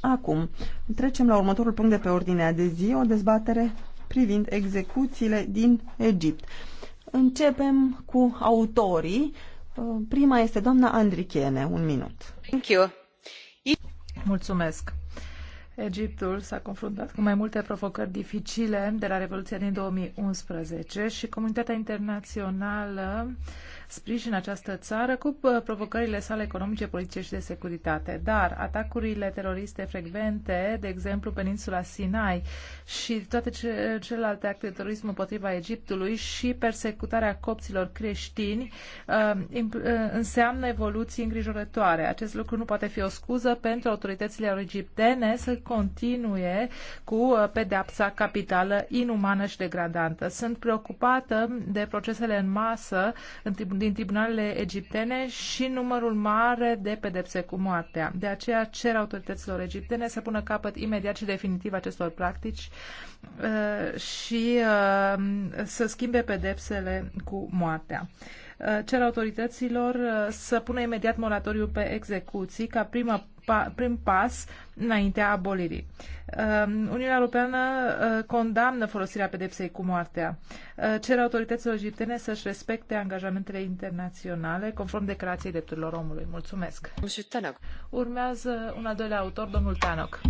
Acum, trecem la următorul punct de pe ordinea de zi, o dezbatere privind execuțiile din Egipt. Începem cu autorii. Uh, prima este doamna Andrichene. un minut. Thank you. Mulțumesc. Egiptul s-a confruntat cu mai multe provocări dificile de la Revoluția din 2011 și comunitatea internațională sprijin această țară cu uh, provocările sale economice, politice și de securitate. Dar atacurile teroriste frecvente, de exemplu peninsula Sinai și toate ce, celelalte acte de terorism împotriva Egiptului și persecutarea copților creștini uh, uh, înseamnă evoluții îngrijorătoare. Acest lucru nu poate fi o scuză pentru autoritățile egiptene să continue cu pedepsa capitală inumană și degradantă. Sunt preocupată de procesele în masă în tribunal din tribunalele egiptene și numărul mare de pedepse cu moartea. De aceea cer autorităților egiptene să pună capăt imediat și definitiv acestor practici uh, și uh, să schimbe pedepsele cu moartea. Uh, cer autorităților uh, să pună imediat moratoriu pe execuții ca prima, pa, prim pas înaintea abolirii. Um, Uniunea Europeană uh, condamnă folosirea pedepsei cu moartea. Cer autorităților egiptene să-și respecte angajamentele internaționale conform declarației drepturilor omului. Mulțumesc. Urmează un al doilea autor, domnul Tanok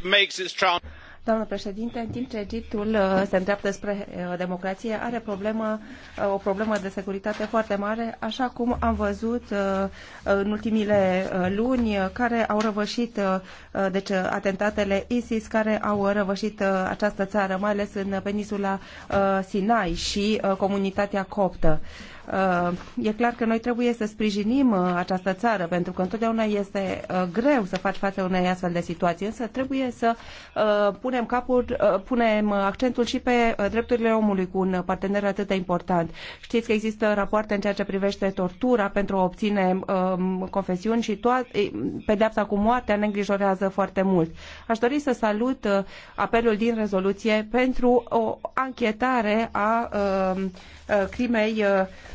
Doamnă președinte, în timp ce Egiptul uh, se îndreaptă spre uh, democrație, are problemă, uh, o problemă de securitate foarte mare, așa cum am văzut în ultimile luni, care au răvășit deci, atentatele ISIS, care au răvășit această țară, mai ales în peninsula Sinai și comunitatea coptă. Uh, e clar că noi trebuie să sprijinim uh, această țară, pentru că întotdeauna este uh, greu să faci față unei astfel de situații, însă trebuie să punem capul, punem accentul și pe drepturile omului cu un partener atât de important. Știți că există rapoarte în ceea ce privește tortura pentru a obține um, confesiuni și toată pedeapsa cu moartea ne îngrijorează foarte mult. Aș dori să salut apelul din rezoluție pentru o anchetare a um, crimei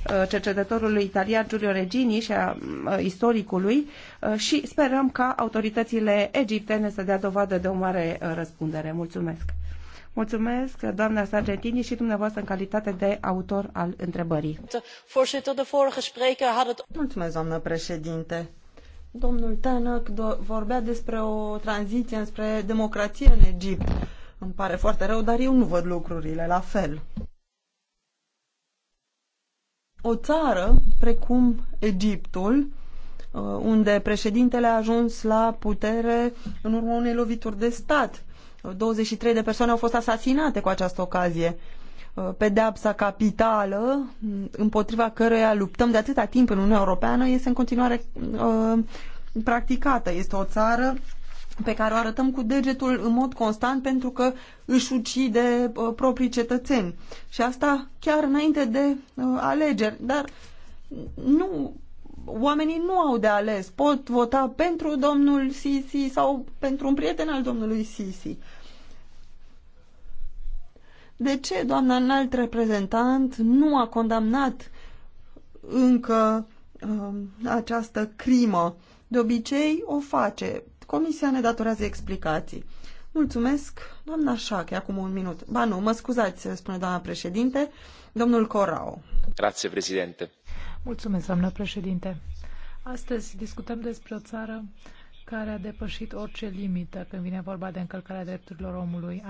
Uh, cercetătorului italian Giulio Regini și a uh, istoricului uh, și sperăm ca autoritățile egiptene să dea dovadă de o mare răspundere. Mulțumesc! Mulțumesc, doamna Sargentini, și dumneavoastră în calitate de autor al întrebării. Mulțumesc, doamnă președinte. Domnul do- vorbea despre o tranziție înspre democrație în Egipt. Îmi pare foarte rău, dar eu nu văd lucrurile la fel o țară precum Egiptul, uh, unde președintele a ajuns la putere în urma unei lovituri de stat. 23 uh, de persoane au fost asasinate cu această ocazie. Uh, pedeapsa capitală, mm, împotriva căreia luptăm de atâta timp în Uniunea Europeană, este în continuare uh, practicată. Este o țară pe care o arătăm cu degetul în mod constant pentru că își ucide uh, proprii cetățeni. Și asta chiar înainte de uh, alegeri. Dar nu, oamenii nu au de ales. Pot vota pentru domnul Sisi sau pentru un prieten al domnului Sisi. De ce doamna înalt reprezentant nu a condamnat încă uh, această crimă? De obicei o face Comisia ne datorează explicații. Mulțumesc, doamna Șache, acum un minut. Ba nu, mă scuzați, spune doamna președinte, domnul Corau. Grazie, președinte. Mulțumesc, doamna președinte. Astăzi discutăm despre o țară care a depășit orice limită când vine vorba de încălcarea drepturilor omului.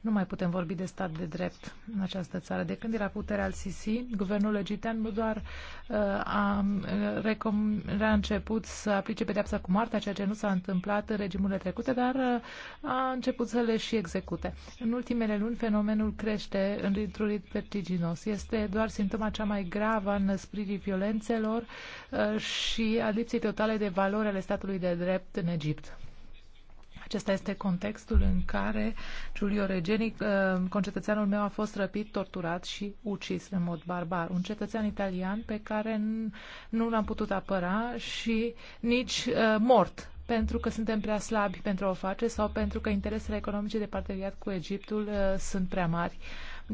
Nu mai putem vorbi de stat de drept în această țară. De când era puterea al Sisi, guvernul egiptean nu doar uh, a, uh, recom- început să aplice pedeapsa cu moartea, ceea ce nu s-a întâmplat în regimurile trecute, dar uh, a început să le și execute. În ultimele luni, fenomenul crește în ritmul vertiginos. Este doar simptoma cea mai gravă a năspririi violențelor uh, și a lipsei totale de valori ale statului de drept drept în Egipt. Acesta este contextul în care Giulio Regeni, uh, concetățeanul meu, a fost răpit, torturat și ucis în mod barbar. Un cetățean italian pe care nu l-am putut apăra și nici uh, mort pentru că suntem prea slabi pentru a o face sau pentru că interesele economice de parteneriat cu Egiptul uh, sunt prea mari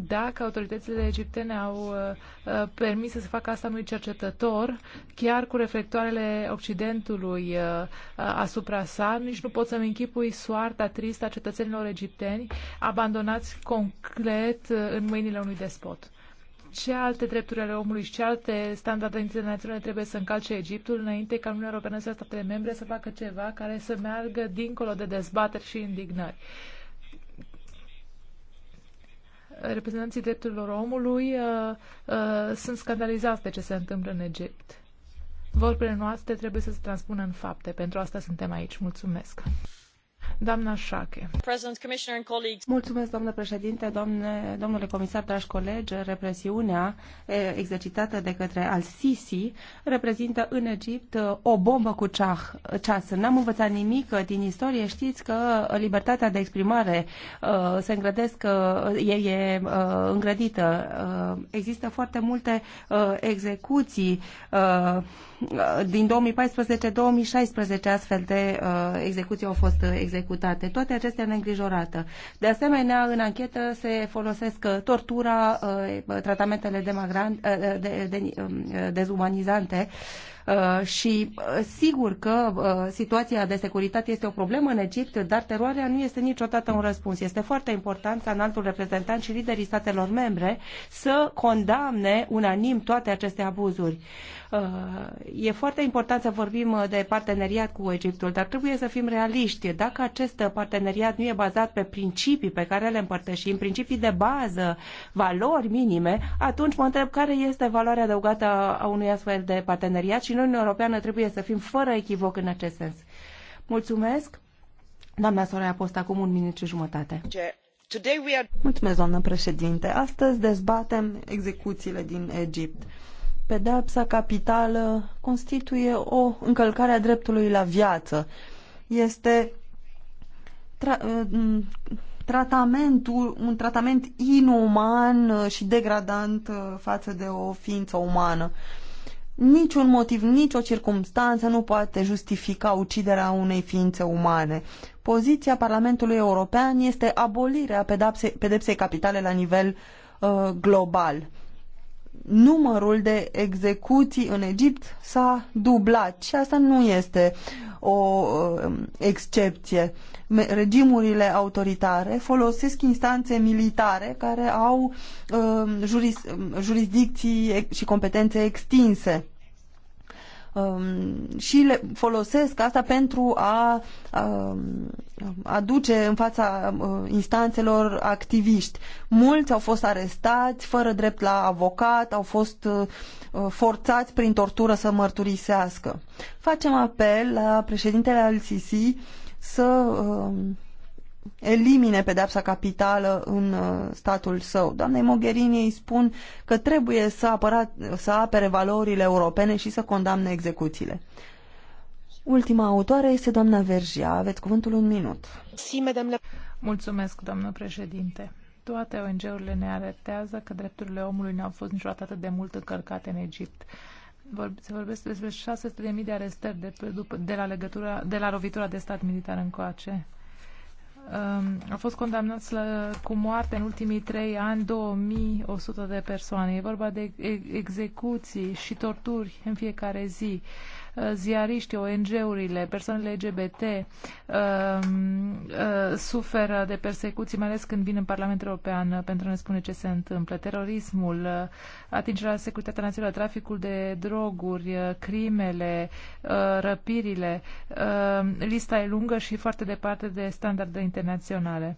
dacă autoritățile egiptene au uh, uh, permis să se facă asta unui cercetător, chiar cu reflectoarele Occidentului uh, asupra sa, nici nu pot să-mi închipui soarta tristă a cetățenilor egipteni abandonați concret în mâinile unui despot. Ce alte drepturi ale omului și ce alte standarde internaționale trebuie să încalce Egiptul înainte ca Uniunea Europeană să statele membre să facă ceva care să meargă dincolo de dezbateri și indignări? Uh, reprezentanții drepturilor omului uh, uh, sunt scandalizați de ce se întâmplă în Egipt. Vorbele noastre trebuie să se transpună în fapte. Pentru asta suntem aici. Mulțumesc! Doamnă Șache. Mulțumesc, domnule președinte, domne, domnule comisar, dragi colegi. Represiunea eh, exercitată de către al-Sisi reprezintă în Egipt eh, o bombă cu ceah, ceas. N-am învățat nimic eh, din istorie. Știți că libertatea de exprimare se îngrădesc, e, e îngrădită. Există foarte multe execuții din 2014-2016 astfel de execuții au fost execuții executate. Toate acestea ne îngrijorată. De asemenea, în anchetă se folosesc tortura, uh, tratamentele uh, de, de, de, um, dezumanizante, Uh, și uh, sigur că uh, situația de securitate este o problemă în Egipt, dar teroarea nu este niciodată un răspuns. Este foarte important ca înaltul reprezentant și liderii statelor membre să condamne unanim toate aceste abuzuri. E foarte important să vorbim de parteneriat cu Egiptul, dar trebuie să fim realiști. Dacă acest parteneriat nu e bazat pe principii pe care le împărtășim, principii de bază, valori minime, atunci mă întreb care este valoarea adăugată a unui astfel de parteneriat și în Uniunea Europeană trebuie să fim fără echivoc în acest sens. Mulțumesc. Doamna Soraya Post, acum un minut și jumătate. Mulțumesc, doamnă președinte. Astăzi dezbatem execuțiile din Egipt. Pedepsa capitală constituie o încălcare a dreptului la viață. Este tra mm, tratamentul, un tratament inuman și degradant uh, față de o ființă umană. Uh, Niciun motiv, nicio circumstanță nu poate justifica uciderea unei ființe umane. Poziția Parlamentului European este abolirea pedepse, pedepsei capitale la nivel uh, global. Numărul de execuții în Egipt s-a dublat și asta nu este o uh, excepție regimurile autoritare folosesc instanțe militare care au uh, juris, um, jurisdicții și competențe extinse um, și le folosesc asta pentru a, aduce în fața instanțelor activiști. Mulți au fost arestați fără drept la avocat, au fost uh, uh forțați prin tortură să mărturisească. Facem apel la președintele al Sisi să um, elimine pedepsa capitală în uh, statul său. Doamnei Mogherini îi spun că trebuie să, apăra, să apere valorile europene și să condamne execuțiile. Ultima autoare este doamna Vergia. Aveți cuvântul un minut. Mulțumesc, doamnă președinte. Toate ONG-urile ne arătează că drepturile omului nu au fost niciodată atât de mult încărcate în Egipt se vorbesc despre 600.000 de arestări de, după, de, la legătura, de la lovitura de stat militar încoace. Um, au fost condamnați la, cu moarte în ultimii trei ani 2100 de persoane. E vorba de execuții și torturi în fiecare zi ziariștii, ONG-urile, persoanele LGBT um, uh, suferă de persecuții, mai ales când vin în Parlamentul European uh, pentru a ne spune ce se întâmplă. Terorismul, uh, atingerea la securitatea națională, traficul de droguri, crimele, răpirile. Lista e lungă și foarte departe de standarde internaționale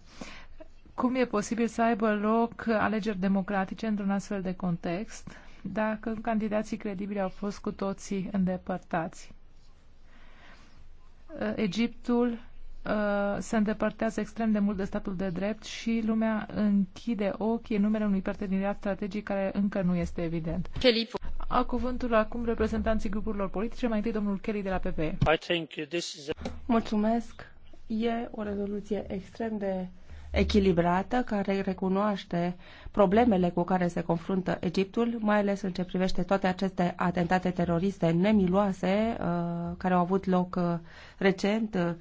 cum e posibil să aibă loc alegeri democratice într-un astfel de context dacă candidații credibili au fost cu toții îndepărtați. Uh, Egiptul uh, se îndepărtează extrem de mult de statul de drept și lumea închide ochii în numele unui parteneriat strategic care încă nu este evident. Kelly. A cuvântul acum reprezentanții grupurilor politice, mai întâi domnul Kelly de la PPE. I think this is a... Mulțumesc. E o rezoluție extrem de echilibrată care recunoaște problemele cu care se confruntă Egiptul, mai ales în ce privește toate aceste atentate teroriste nemiloase uh, care au avut loc uh, recent uh,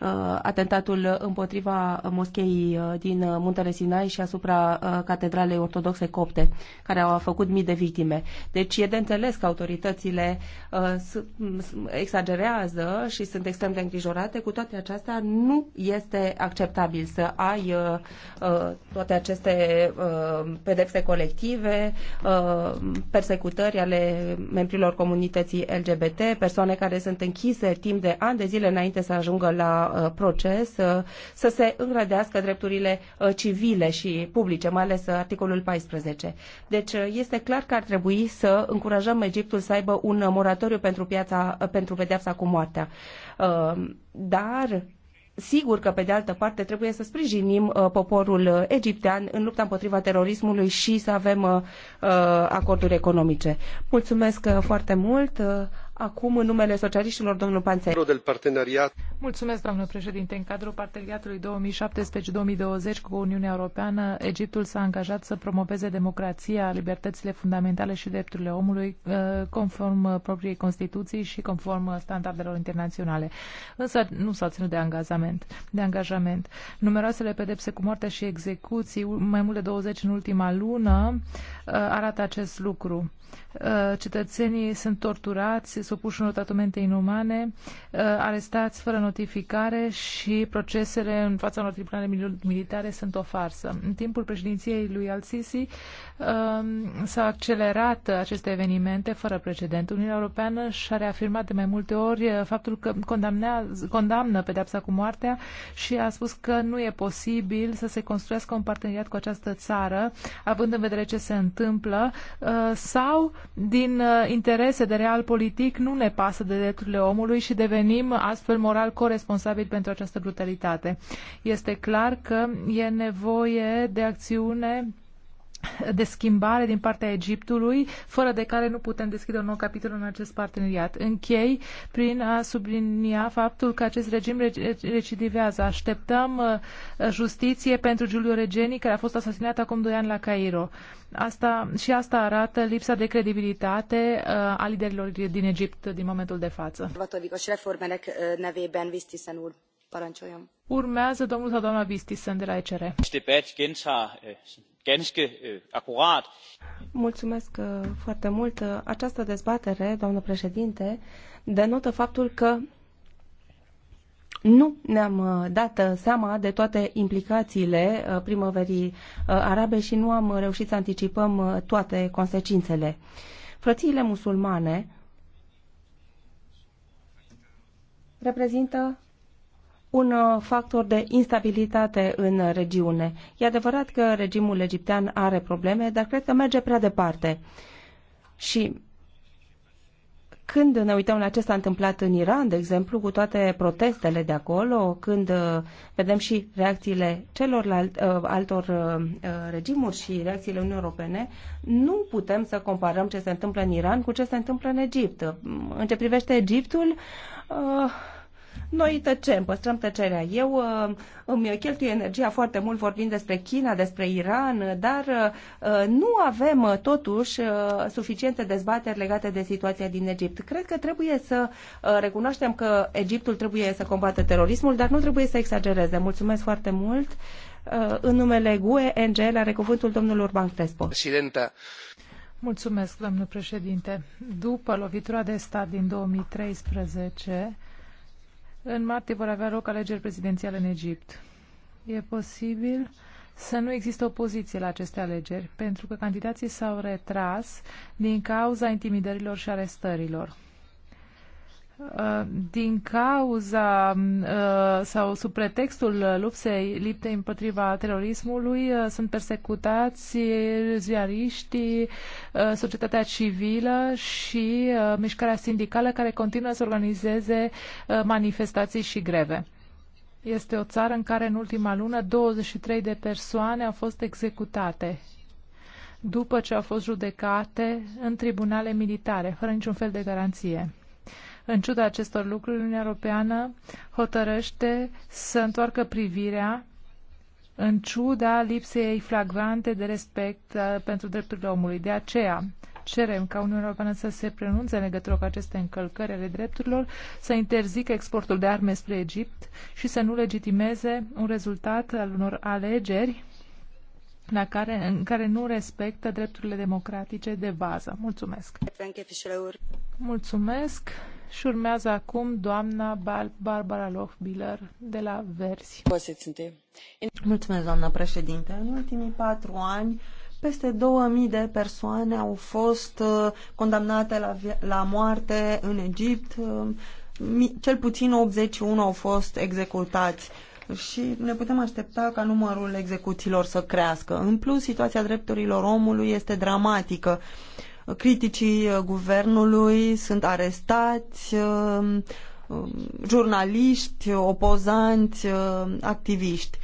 Uh, atentatul împotriva moscheii uh, din Muntele Sinai și asupra uh, Catedralei Ortodoxe Copte, care au făcut mii de victime. Deci e de înțeles că autoritățile exagerează și sunt extrem de îngrijorate. Cu toate acestea, nu este acceptabil să ai toate aceste pedepse colective, persecutări ale membrilor comunității LGBT, persoane care sunt închise timp de ani de zile înainte să ajungă la Uh, proces uh, să se îngrădească drepturile uh, civile și publice, mai ales articolul 14. Deci este clar că ar trebui să încurajăm Egiptul să aibă un moratoriu pentru, piața, pentru pedeapsa cu moartea. Dar Sigur că, pe de altă parte, trebuie să sprijinim uh, poporul egiptean în lupta împotriva terorismului și să avem uh, acorduri economice. Mulțumesc uh, foarte mult. Acum, în numele socialiștilor, domnul Panței. Mulțumesc, doamnă președinte. În cadrul parteneriatului 2017-2020 cu Uniunea Europeană, Egiptul s-a angajat să promoveze democrația, libertățile fundamentale și drepturile omului, uh, conform uh, propriei Constituții și conform uh, standardelor internaționale. Însă nu s-a ținut de angajament. De angajament. Numeroasele pedepse cu moartea și execuții, mai mult de 20 în ultima lună, arată acest lucru. Cetățenii sunt torturați, supuși unor tratamente inumane, uh, arestați fără notificare și procesele în fața unor tribunale militare sunt o farsă. În timpul președinției lui Al-Sisi um, s-au accelerat aceste evenimente fără precedent. Uniunea Europeană și-a reafirmat de mai multe ori uh, faptul că condamnă pedepsa cu moartea și a spus că nu e posibil să se construiască un parteneriat cu această țară, având în vedere ce se întâmplă, uh, sau din interese de real politic practic nu ne pasă de drepturile omului și devenim astfel moral corresponsabili pentru această brutalitate. Este clar că e nevoie de acțiune de schimbare din partea Egiptului, fără de care nu putem deschide un nou capitol în acest parteneriat. Închei prin a sublinia faptul că acest regim recidivează. Așteptăm uh, justiție pentru Giulio Regeni, care a fost asasinat acum doi ani la Cairo. Asta, și asta arată lipsa de credibilitate uh, a liderilor din Egipt din momentul de față. Uh, Urmează domnul sau doamna Vistisen de la ECR ganske øh, Mulțumesc uh, foarte mult. Această dezbatere, doamnă președinte, denotă faptul că nu ne-am uh, dat uh, seama de toate implicațiile primăverii arabe și nu am reușit să anticipăm toate consecințele. Frățiile musulmane reprezintă un uh, factor de instabilitate în regiune. E adevărat că regimul egiptean are probleme, dar cred că merge prea departe. Și când ne uităm la ce s-a întâmplat în Iran, de exemplu, cu toate protestele de acolo, când uh, vedem și reacțiile celorlalt, uh, altor regimuri și reacțiile Uniunii Europene, nu putem să comparăm ce se întâmplă în Iran cu ce se întâmplă în Egipt. În ce privește Egiptul, noi tăcem, păstrăm tăcerea. Eu uh, îmi cheltuie energia foarte mult vorbind despre China, despre Iran, dar uh, nu avem uh, totuși suficiente dezbateri legate de situația din Egipt. Cred că trebuie să recunoaștem că Egiptul trebuie să combată terorismul, dar nu trebuie să exagereze. Mulțumesc foarte mult. În numele GUE, NGL, are cuvântul domnul Urban Crespo. Presidenta. Mulțumesc, domnule președinte. După lovitura de stat din 2013, în martie vor avea loc alegeri prezidențiale în Egipt. E posibil să nu există opoziție la aceste alegeri, pentru că candidații s-au retras din cauza intimidărilor și arestărilor. Uh, din cauza uh, sau sub pretextul luptei, liptei împotriva terorismului uh, sunt persecutați ziariștii, societatea civilă și mișcarea sindicală care continuă să organizeze manifestații și greve. Este o țară în care în ultima lună 23 de persoane au fost executate după ce au fost judecate în tribunale militare, fără niciun fel de garanție. În ciuda acestor lucruri, Uniunea Europeană hotărăște să întoarcă privirea în ciuda lipsei flagrante de respect uh, pentru drepturile omului. De aceea, cerem ca Uniunea Europeană să se pronunțe în legătură cu aceste încălcări ale drepturilor, să interzică exportul de arme spre Egipt și să nu legitimeze un rezultat al unor alegeri la care, în care nu respectă drepturile democratice de bază. Mulțumesc! Mulțumesc! și urmează acum doamna Barbara Lofbiller de la Versi. Mulțumesc, doamna președinte. În ultimii patru ani, peste 2000 de persoane au fost uh, condamnate la, la moarte în Egipt. Uh, cel puțin 81 au fost executați și ne putem aștepta ca numărul execuțiilor să crească. În plus, situația drepturilor omului este dramatică. Uh, criticii uh, guvernului sunt arestați, uh, um, jurnaliști, opozanți, uh, activiști.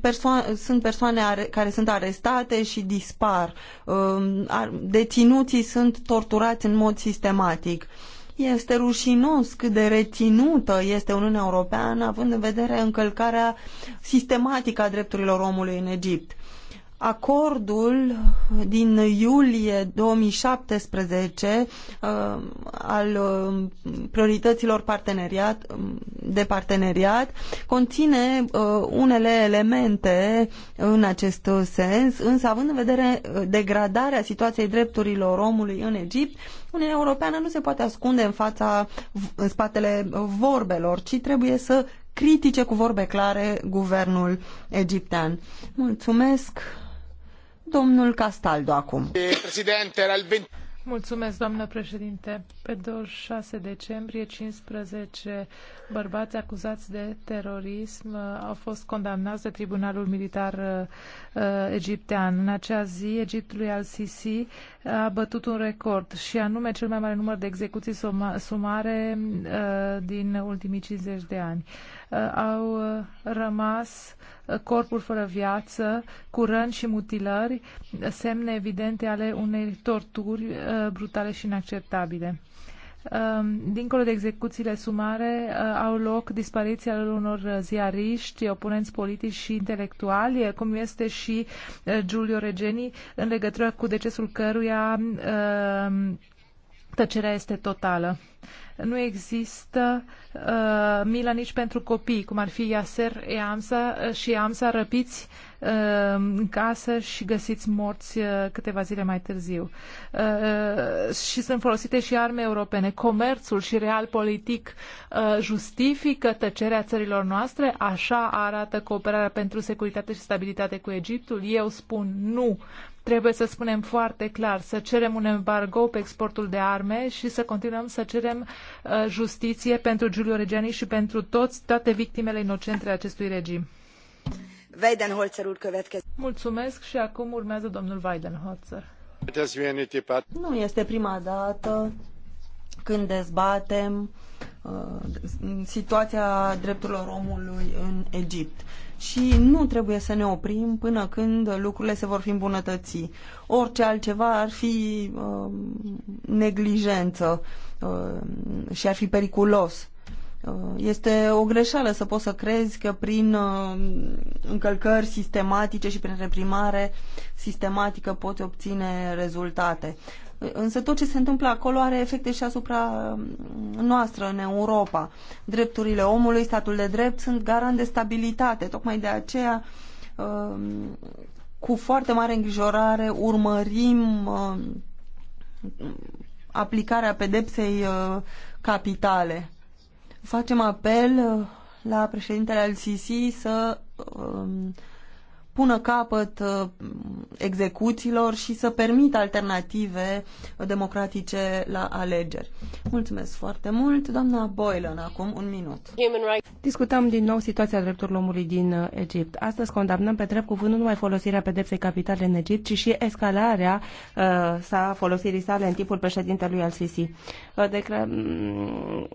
Persoane, sunt persoane are, care sunt arestate și dispar. Um, deținuții sunt torturați în mod sistematic. Este rușinos cât de reținută este Uniunea Europeană, având în vedere încălcarea sistematică a drepturilor omului în Egipt. Acordul din iulie 2017 uh, al uh, priorităților parteneriat, um, de parteneriat conține uh, unele elemente în acest sens, însă având în vedere uh, degradarea situației drepturilor omului în Egipt, Uniunea Europeană nu se poate ascunde în, fața, în spatele vorbelor, ci trebuie să critice cu vorbe clare guvernul egiptean. Mulțumesc! Domnul Castaldo acum. Eh, Mulțumesc, doamnă președinte. Pe 26 decembrie, 15 bărbați acuzați de terorism au fost condamnați de Tribunalul Militar uh, Egiptean. În acea zi, Egiptul al Sisi a bătut un record și anume cel mai mare număr de execuții suma, sumare uh, din ultimii 50 de ani. Uh, Uh, au uh, rămas uh, corpuri fără viață, cu răni și mutilări, semne evidente ale unei torturi brutale și inacceptabile. Um, dincolo de execuțiile sumare, au loc dispariția unor ziariști, oponenți politici și intelectuali, cum este și Giulio Regeni, în legătură cu decesul căruia tăcerea este totală. Nu există uh, milă nici pentru copii, cum ar fi Iaser Amsa, uh, și Amsa răpiți uh, în casă și găsiți morți uh, câteva zile mai târziu. Uh, uh și sunt folosite și arme europene. Comerțul și real politic uh, justifică tăcerea țărilor noastre? Așa arată cooperarea pentru securitate și stabilitate cu Egiptul? Eu spun nu. Trebuie să spunem foarte clar, să cerem un embargo pe exportul de arme și să continuăm să cerem uh, justiție pentru Giulio Regiani și pentru toți, toate victimele inocente acestui regim. Weidenholzer Mulțumesc și acum urmează domnul Weidenholzer. Nu este prima dată când dezbatem Uh, situația drepturilor omului în Egipt. Și nu trebuie să ne oprim până când lucrurile se vor fi îmbunătăți. Orice altceva ar fi uh, neglijență uh, și ar fi periculos. Uh, este o greșeală să poți să crezi că prin uh, încălcări sistematice și prin reprimare sistematică poți obține rezultate. Însă tot ce se întâmplă acolo are efecte și asupra mm, noastră în Europa. Drepturile omului, statul de drept sunt garant de stabilitate. Tocmai de aceea um, cu foarte mare îngrijorare urmărim um, aplicarea pedepsei uh, capitale. Facem apel uh, la președintele al Sisi să um, pună capăt uh, execuțiilor și să permită alternative democratice la alegeri. Mulțumesc foarte mult. Doamna Boylan, acum un minut. Discutăm din nou situația drepturilor omului din uh, Egipt. Astăzi condamnăm pe drept cuvânt nu numai folosirea pedepsei capitale în Egipt, ci și escalarea uh, sa folosirii sale în timpul președintelui al Sisi. Uh, decla- mm,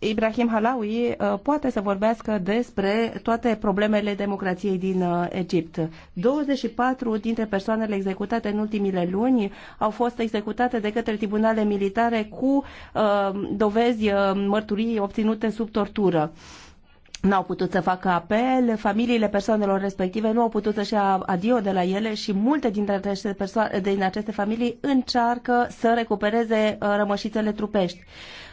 Ibrahim Halawi uh, poate să vorbească despre toate problemele democrației din uh, Egipt. 24 dintre persoanele executate în ultimile luni au fost executate de către tribunale militare cu uh, dovezi, mărturii obținute sub tortură Nu au putut să facă apel, familiile persoanelor respective nu au putut să-și ia adio de la ele și multe dintre aceste, persoane, din aceste familii încearcă să recupereze rămășițele trupești.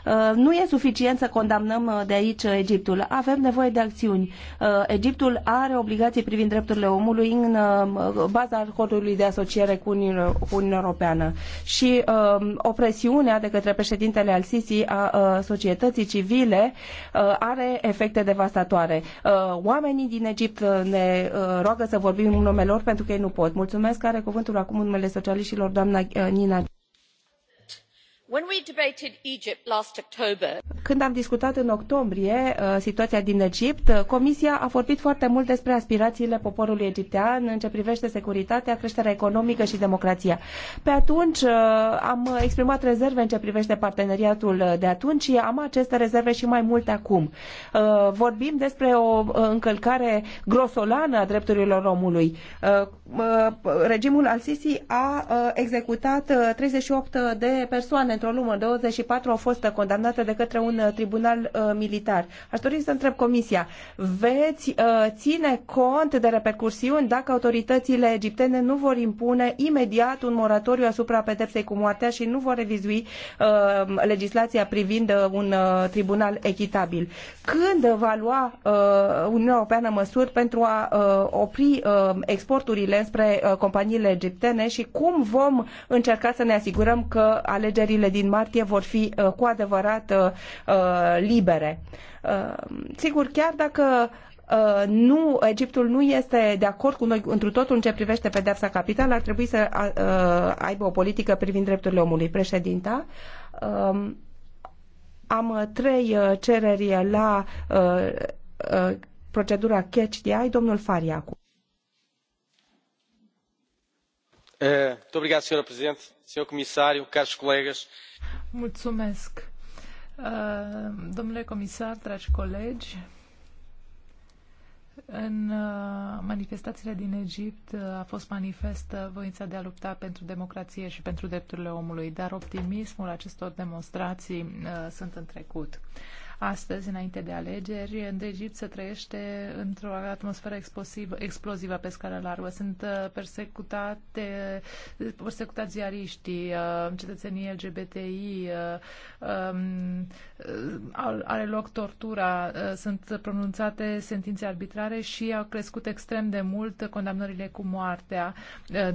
Uh, nu e suficient să condamnăm uh, de aici uh, Egiptul. Avem nevoie de acțiuni. Egiptul are obligații privind drepturile omului în baza acordului de asociere cu Uniunea Europeană. Și opresiunea de către președintele al Sisi a societății civile are efecte devastatoare. Oamenii din Egipt ne roagă să vorbim în numele lor pentru că ei nu pot. Mulțumesc, are cuvântul acum în numele socialiștilor doamna Nina când am discutat în octombrie uh, situația din Egipt, uh, Comisia a vorbit foarte mult despre aspirațiile poporului egiptean în ce privește securitatea, creșterea economică și democrația. Pe atunci uh, am exprimat rezerve în ce privește parteneriatul de atunci și am aceste rezerve și mai multe acum. Vorbim despre o încălcare grosolană a drepturilor omului. Regimul al Sisi a executat 38 de persoane într-o lună, 24 au fost condamnate de către un uh, tribunal uh, militar. Aș dori să întreb Comisia, veți uh, ține cont de repercursiuni dacă autoritățile egiptene nu vor impune imediat un moratoriu asupra pedepsei cu moartea și nu vor revizui uh, legislația privind uh, un uh, tribunal echitabil? Când va lua uh, Uniunea Europeană măsuri pentru a uh, opri uh, exporturile spre uh, companiile egiptene și cum vom încerca să ne asigurăm că alegerile alegerile din martie vor fi uh, cu adevărat uh, uh, libere. Sigur, chiar dacă nu, Egiptul nu este de acord cu noi întru totul în ce privește pedepsa capitală, ar trebui să aibă o politică privind drepturile omului. Președinta, um, am trei cereri la procedura catch the eye, domnul Fariacu. Eh, domnule președinte eh, domnule comisar dragi colegi în eh, manifestațiile din Egipt a fost manifestă voința de a lupta pentru democrație și pentru drepturile omului, dar optimismul acestor demonstrații sunt în trecut astăzi, înainte de alegeri. În Egipt se trăiește într-o atmosferă explosivă, explozivă pe scară largă. Sunt uh, persecutate, persecutați ziariștii, uh, cetățenii LGBTI, uh, um, are loc tortura, sunt pronunțate sentințe arbitrare și au crescut extrem de mult condamnările cu moartea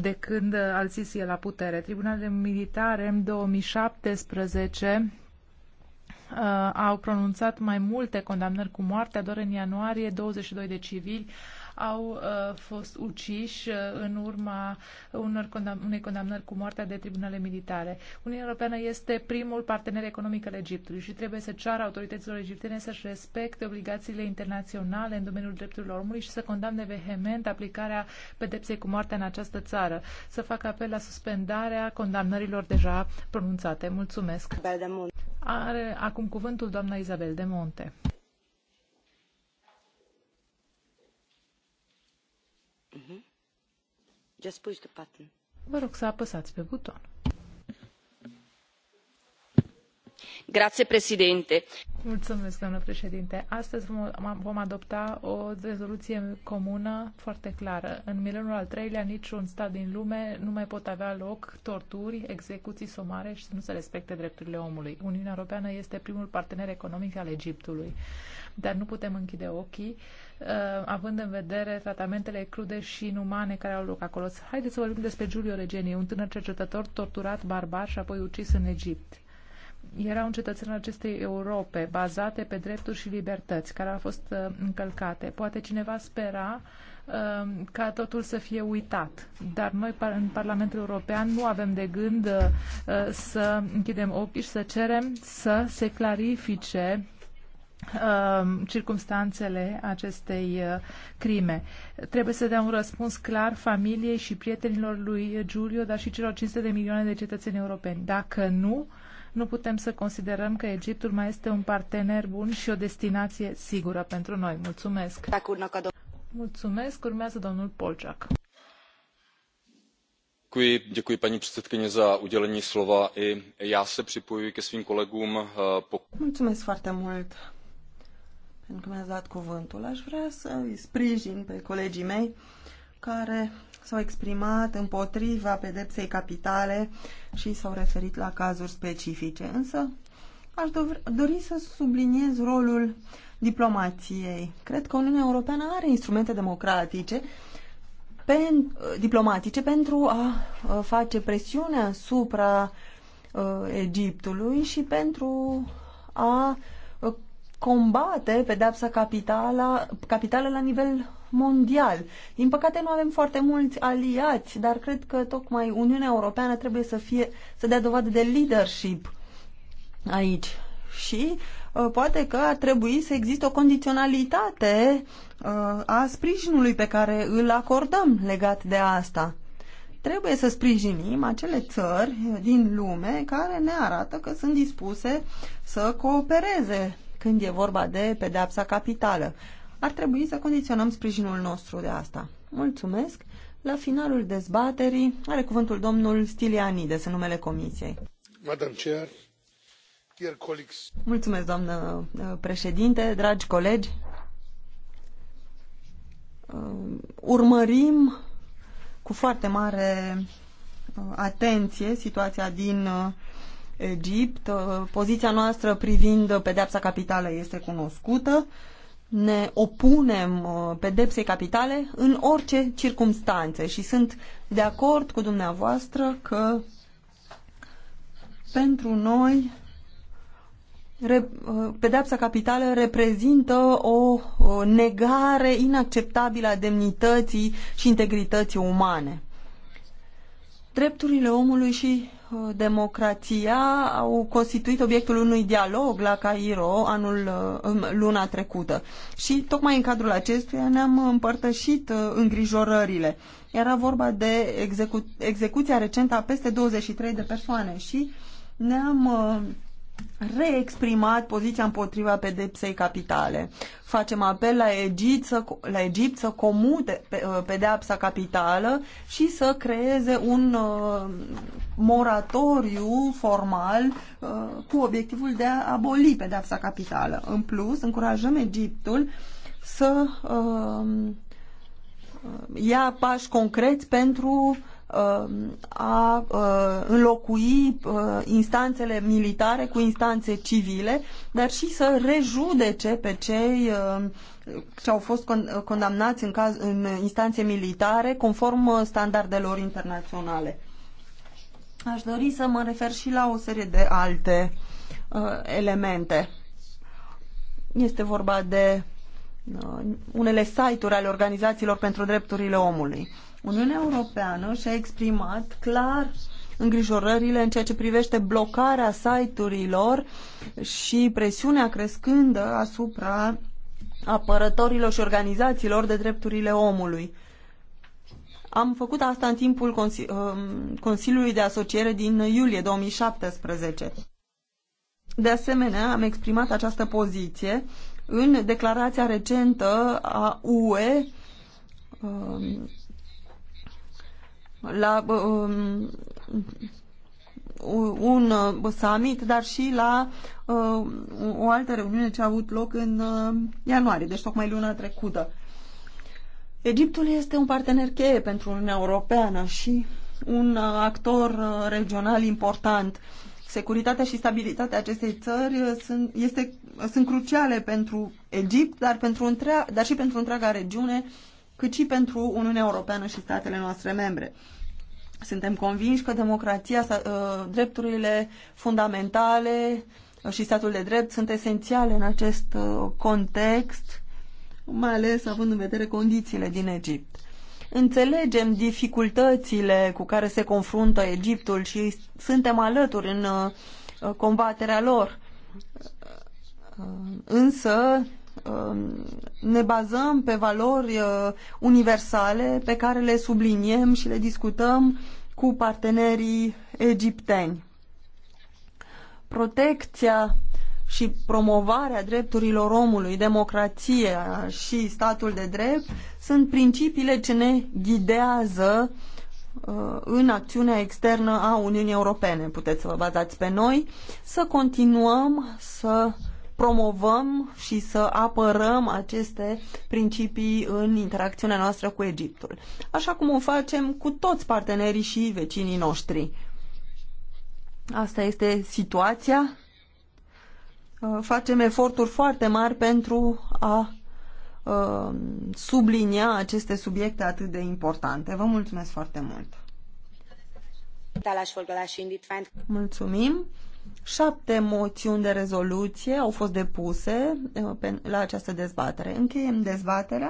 de când al Sisi e la putere. Tribunalele militare în 2017 uh, au pronunțat mai multe condamnări cu moartea. Doar în ianuarie, 22 de civili au uh, fost uciși uh, în urma unor condam- unei condamnări cu moartea de tribunale militare. Uniunea Europeană este primul partener economic al Egiptului și trebuie să ceară autorităților egiptene să-și respecte obligațiile internaționale în domeniul drepturilor omului și să condamne vehement aplicarea pedepsei cu moartea în această țară, să facă apel la suspendarea condamnărilor deja pronunțate. Mulțumesc! Are acum acum cuvântul doamna Isabel de Monte. Mhm. Vă rog să apăsați pe buton. Mulțumesc, doamnă președinte. Astăzi vom adopta o rezoluție comună foarte clară. În mileniul al treilea, niciun stat din lume nu mai pot avea loc torturi, execuții somare și să nu se respecte drepturile omului. Uniunea Europeană este primul partener economic al Egiptului. Dar nu putem închide ochii, uh, având în vedere tratamentele crude și inumane care au loc acolo. Haideți să vorbim despre Giulio Regeni, un tânăr cercetător torturat barbar și apoi ucis în Egipt era un cetățean al acestei Europe, bazate pe drepturi și libertăți, care au fost uh, încălcate. Poate cineva spera uh, ca totul să fie uitat. Dar noi în Parlamentul European nu avem de gând uh, să închidem ochii și să cerem să se clarifice circumstanțele acestei crime. Trebuie să dea un răspuns clar familiei și prietenilor lui Giulio, dar și celor 500 de milioane de cetățeni europeni. Dacă nu, nu putem să considerăm că Egiptul mai este un partener bun și o destinație sigură pentru noi. Mulțumesc! Mulțumesc! Urmează domnul Polciac. Děkuji, děkuji paní předsedkyně za udělení slova. I já se připojuji ke svým kolegům. Eh, Mulțumesc foarte mult pentru că mi-ați dat cuvântul. Aș vrea să îi sprijin pe colegii mei care s-au exprimat împotriva pedepsei capitale și s-au referit la cazuri specifice. Însă aș dori să subliniez rolul diplomației. Cred că Uniunea Europeană are instrumente democratice pen, diplomatice pentru a face presiune asupra uh, Egiptului și pentru a combate pedepsa capitală, capitală la nivel mondial. Din păcate nu avem foarte mulți aliați, dar cred că tocmai Uniunea Europeană trebuie să, fie, să dea dovadă de leadership aici. Și uh, poate că ar trebui să existe o condiționalitate uh, a sprijinului pe care îl acordăm legat de asta. Trebuie să sprijinim acele țări din lume care ne arată că sunt dispuse să coopereze când e vorba de pedepsa capitală. Ar trebui să condiționăm sprijinul nostru de asta. Mulțumesc! La finalul dezbaterii are cuvântul domnul Stilianides în numele Comisiei. Madam Chair, dear colleagues. Mulțumesc, doamnă uh, președinte, dragi colegi. Uh, urmărim cu foarte mare uh, atenție situația din Egipt. Poziția noastră privind pedepsa capitală este cunoscută ne opunem uh, pedepsei capitale în orice circunstanțe și sunt de acord cu dumneavoastră că pentru noi uh, pedepsa capitală reprezintă o uh, negare inacceptabilă a demnității și integrității umane. Drepturile omului și democrația au constituit obiectul unui dialog la Cairo anul, uh, luna trecută. Și tocmai în cadrul acestuia ne-am împărtășit uh, îngrijorările. Era vorba de execu- execuția recentă a peste 23 de persoane și ne-am uh, reexprimat poziția împotriva pedepsei capitale. Facem apel la Egipt să, la Egipt să comute uh, pedepsa capitală și să creeze un uh, moratoriu formal uh, cu obiectivul de a aboli pedepsa capitală. În plus, încurajăm Egiptul să uh, ia pași concreți pentru uh, Uh, a uh, înlocui uh, instanțele militare cu instanțe civile, dar și să rejudece pe cei ce au fost condamnați în, caz, în instanțe militare conform standardelor internaționale. Aș dori să mă refer și la o serie de alte uh, elemente. Este vorba de uh, unele site-uri ale organizațiilor pentru drepturile omului. Uniunea Europeană și-a exprimat clar îngrijorările în ceea ce privește blocarea site-urilor și presiunea crescândă asupra apărătorilor și organizațiilor de drepturile omului. Am făcut asta în timpul Consili um, Consiliului de Asociere din iulie 2017. De asemenea, am exprimat această poziție în declarația recentă a UE um, la um, un summit, dar și la uh, o altă reuniune ce a avut loc în uh, ianuarie, deci tocmai luna trecută. Egiptul este un partener cheie pentru Uniunea Europeană și un uh, actor uh, regional important. Securitatea și stabilitatea acestei țări uh, sunt, este, sunt cruciale pentru Egipt, dar, pentru întreaga, dar și pentru întreaga regiune uh, cât și pentru Uniunea Europeană și statele noastre membre. Suntem convinși că democrația, ă, drepturile fundamentale ă, și statul de drept sunt esențiale în acest ă, context, mai ales având în vedere condițiile din Egipt. Înțelegem dificultățile cu care se confruntă Egiptul și suntem alături în combaterea lor. Însă Um, ne bazăm pe valori uh, universale pe care le subliniem și le discutăm cu partenerii egipteni. Protecția și promovarea drepturilor omului, democrația și statul de drept sunt principiile ce ne ghidează uh, în acțiunea externă a Uniunii Europene. Puteți să vă bazați pe noi să continuăm să promovăm și să apărăm aceste principii în interacțiunea noastră cu Egiptul, așa cum o facem cu toți partenerii și vecinii noștri. Asta este situația. Uh, facem eforturi foarte mari pentru a uh, sublinia aceste subiecte atât de importante. Vă mulțumesc foarte mult! Mulțumim! Șapte moțiuni de rezoluție au fost depuse eh, la această dezbatere. Încheiem dezbaterea.